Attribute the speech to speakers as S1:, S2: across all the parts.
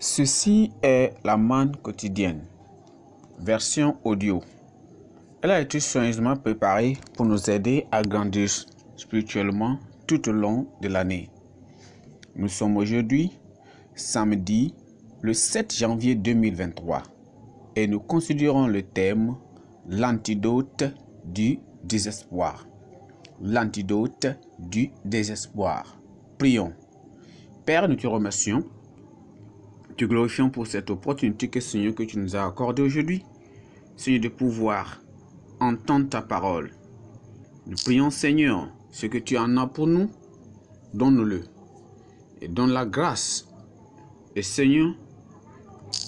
S1: Ceci est la manne quotidienne, version audio. Elle a été soigneusement préparée pour nous aider à grandir spirituellement tout au long de l'année. Nous sommes aujourd'hui samedi le 7 janvier 2023 et nous considérons le thème L'antidote du désespoir. L'antidote du désespoir. Prions. Père, nous te remercions te glorifions pour cette opportunité que Seigneur que tu nous as accordée aujourd'hui. Seigneur, de pouvoir entendre ta parole. Nous prions Seigneur, ce que tu en as pour nous, donne-le. Et donne la grâce. Et Seigneur,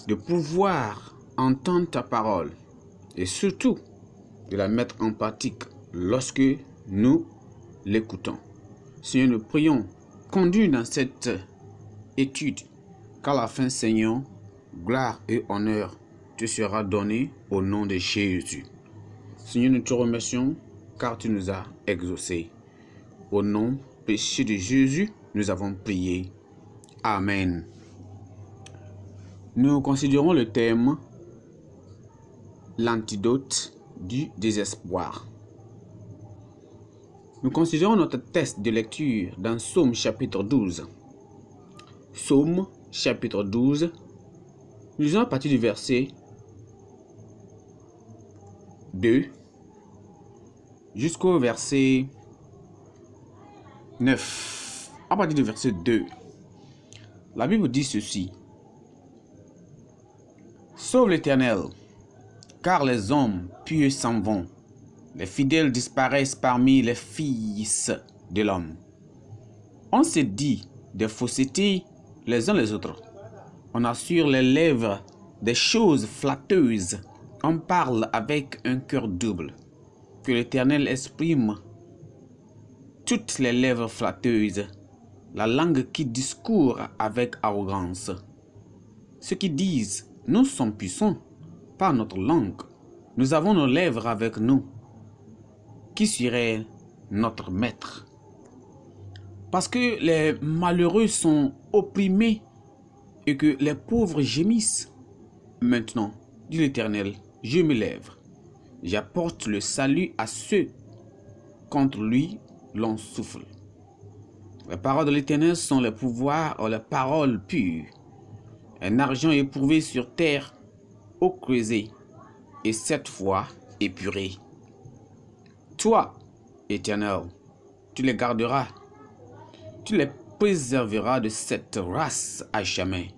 S1: de pouvoir entendre ta parole. Et surtout, de la mettre en pratique lorsque nous l'écoutons. Seigneur, nous prions, conduis dans cette étude car la fin, Seigneur, gloire et honneur te sera donné au nom de Jésus. Seigneur, nous te remercions car tu nous as exaucés. Au nom péché de Jésus, nous avons prié. Amen. Nous considérons le thème l'antidote du désespoir. Nous considérons notre test de lecture dans Psaume chapitre 12. Psaume chapitre 12. nous allons partir du verset 2 jusqu'au verset 9. À partir du verset 2, la Bible dit ceci. Sauve l'Éternel, car les hommes pieux s'en vont. Les fidèles disparaissent parmi les fils de l'homme. On se dit des faussetés les uns les autres. On assure les lèvres des choses flatteuses. On parle avec un cœur double. Que l'Éternel exprime toutes les lèvres flatteuses, la langue qui discourt avec arrogance. Ceux qui disent Nous sommes puissants par notre langue, nous avons nos lèvres avec nous. Qui serait notre maître Parce que les malheureux sont opprimés et que les pauvres gémissent. Maintenant, dit l'Éternel, je me lève. J'apporte le salut à ceux contre lui l'on souffle. Les paroles de l'Éternel sont le pouvoir les paroles pures. Un argent éprouvé sur terre, au creusé, et cette fois épuré. Toi, Éternel, tu les garderas. Tu les préservera de cette race à jamais.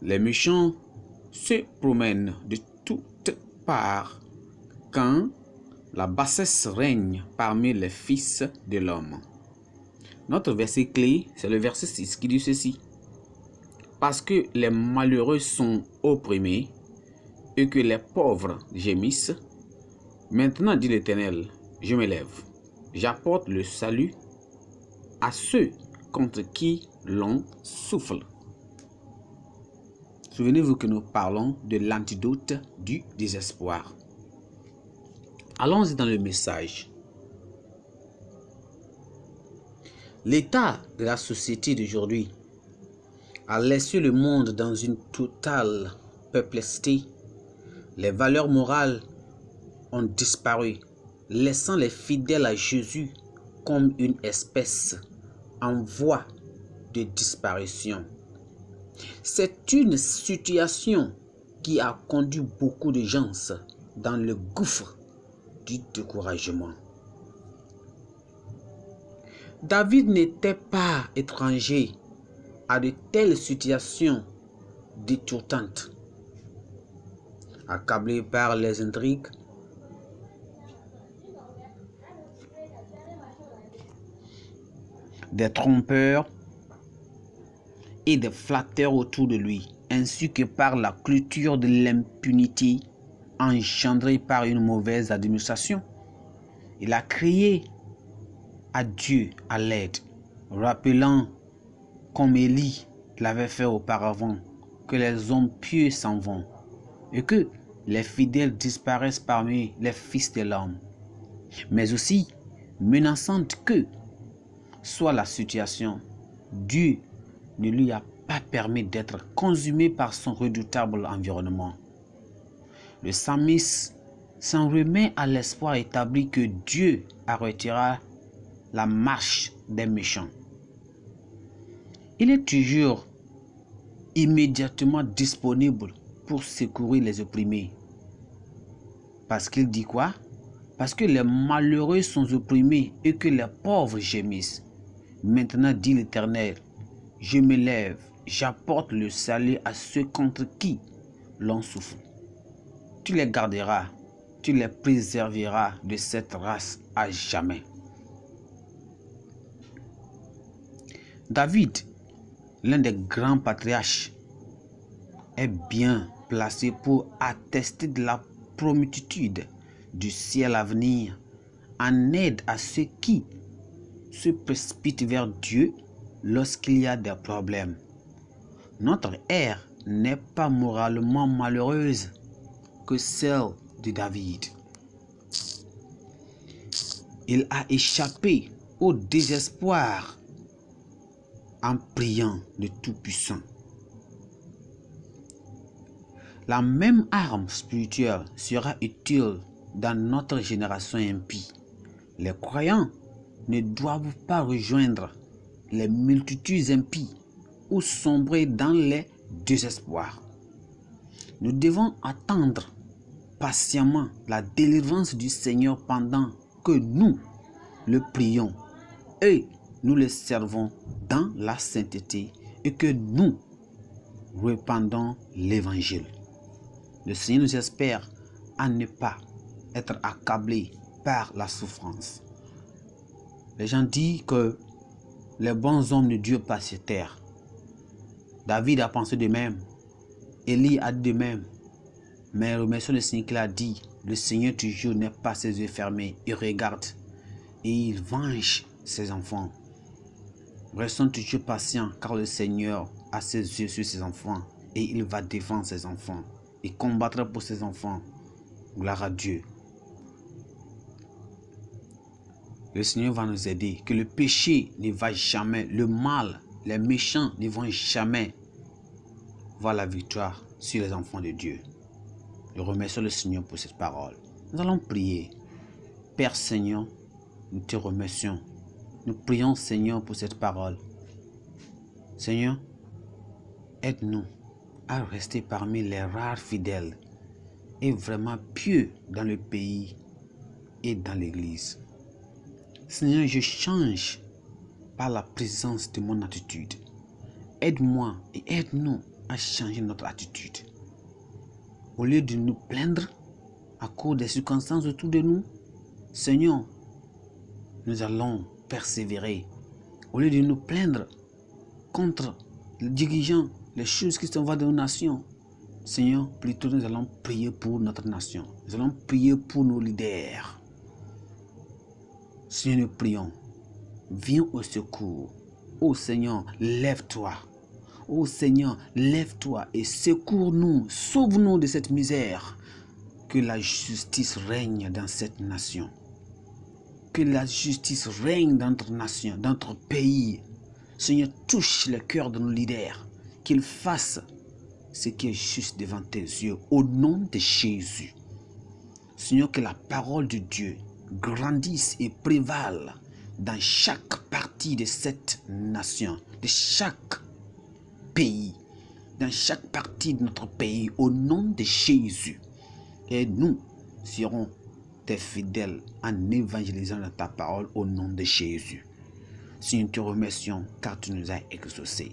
S1: Les méchants se promènent de toutes parts quand la bassesse règne parmi les fils de l'homme. Notre verset clé, c'est le verset 6 qui dit ceci. Parce que les malheureux sont opprimés et que les pauvres gémissent, maintenant dit l'Éternel, je m'élève. j'apporte le salut à ceux contre qui l'on souffle. Souvenez-vous que nous parlons de l'antidote du désespoir. Allons-y dans le message. L'état de la société d'aujourd'hui a laissé le monde dans une totale perplexité. Les valeurs morales ont disparu, laissant les fidèles à Jésus comme une espèce en voie de disparition. C'est une situation qui a conduit beaucoup de gens dans le gouffre du découragement. David n'était pas étranger à de telles situations détournantes. Accablé par les intrigues, des trompeurs et des flatteurs autour de lui, ainsi que par la culture de l'impunité engendrée par une mauvaise administration. Il a crié à Dieu à l'aide, rappelant, comme Élie l'avait fait auparavant, que les hommes pieux s'en vont et que les fidèles disparaissent parmi les fils de l'homme, mais aussi menaçant que soit la situation Dieu ne lui a pas permis d'être consumé par son redoutable environnement. Le samis s'en remet à l'espoir établi que Dieu arrêtera la marche des méchants. Il est toujours immédiatement disponible pour secourir les opprimés. Parce qu'il dit quoi Parce que les malheureux sont opprimés et que les pauvres gémissent. Maintenant dit l'Éternel, je me lève, j'apporte le salut à ceux contre qui l'on souffre. Tu les garderas, tu les préserveras de cette race à jamais. David, l'un des grands patriarches, est bien placé pour attester de la promitude du ciel à venir en aide à ceux qui se précipite vers Dieu lorsqu'il y a des problèmes. Notre ère n'est pas moralement malheureuse que celle de David. Il a échappé au désespoir en priant le Tout-Puissant. La même arme spirituelle sera utile dans notre génération impie. Les croyants ne doivent pas rejoindre les multitudes impies ou sombrer dans les désespoirs. Nous devons attendre patiemment la délivrance du Seigneur pendant que nous le prions et nous le servons dans la sainteté et que nous répandons l'évangile. Le Seigneur nous espère à ne pas être accablé par la souffrance. Les gens disent que les bons hommes ne Dieu pas sur terre. David a pensé de même. Élie a de même. Mais remercions le Seigneur qu'il dit, le Seigneur toujours n'est pas ses yeux fermés. Il regarde et il venge ses enfants. Restons toujours patients car le Seigneur a ses yeux sur ses enfants et il va défendre ses enfants et combattre pour ses enfants. Gloire à Dieu. Le Seigneur va nous aider, que le péché ne va jamais, le mal, les méchants ne vont jamais voir la victoire sur les enfants de Dieu. Nous remercions le Seigneur pour cette parole. Nous allons prier. Père Seigneur, nous te remercions. Nous prions Seigneur pour cette parole. Seigneur, aide-nous à rester parmi les rares fidèles et vraiment pieux dans le pays et dans l'Église. Seigneur, je change par la présence de mon attitude. Aide-moi et aide-nous à changer notre attitude. Au lieu de nous plaindre à cause des circonstances autour de nous, Seigneur, nous allons persévérer. Au lieu de nous plaindre contre les dirigeants, les choses qui sont vont de nos nations, Seigneur, plutôt nous allons prier pour notre nation. Nous allons prier pour nos leaders. Seigneur, nous prions. Viens au secours. Ô Seigneur, lève-toi. Ô Seigneur, lève-toi et secours-nous, sauve-nous de cette misère. Que la justice règne dans cette nation. Que la justice règne dans notre nation, dans notre pays. Seigneur, touche le cœur de nos leaders. Qu'ils fassent ce qui est juste devant tes yeux, au nom de Jésus. Seigneur, que la parole de Dieu grandissent et prévalent dans chaque partie de cette nation, de chaque pays, dans chaque partie de notre pays, au nom de Jésus. Et nous serons tes fidèles en évangélisant ta parole au nom de Jésus. Si nous te remercions car tu nous as exaucés.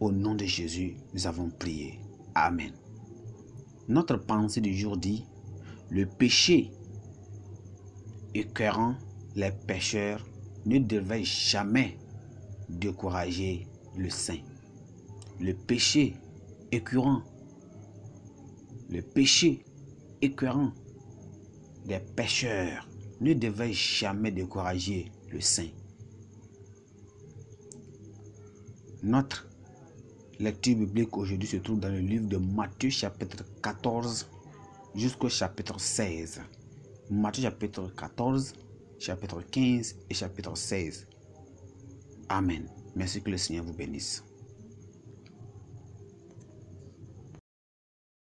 S1: Au nom de Jésus, nous avons prié. Amen. Notre pensée du jour dit, le péché écœurant les pécheurs ne devaient jamais décourager le saint. Le péché écœurant, le péché écœurant des pécheurs ne devait jamais décourager le saint. Notre lecture biblique aujourd'hui se trouve dans le livre de Matthieu chapitre 14 jusqu'au chapitre 16. Matthieu chapitre 14, chapitre 15 et chapitre 16. Amen. Merci que le Seigneur vous bénisse.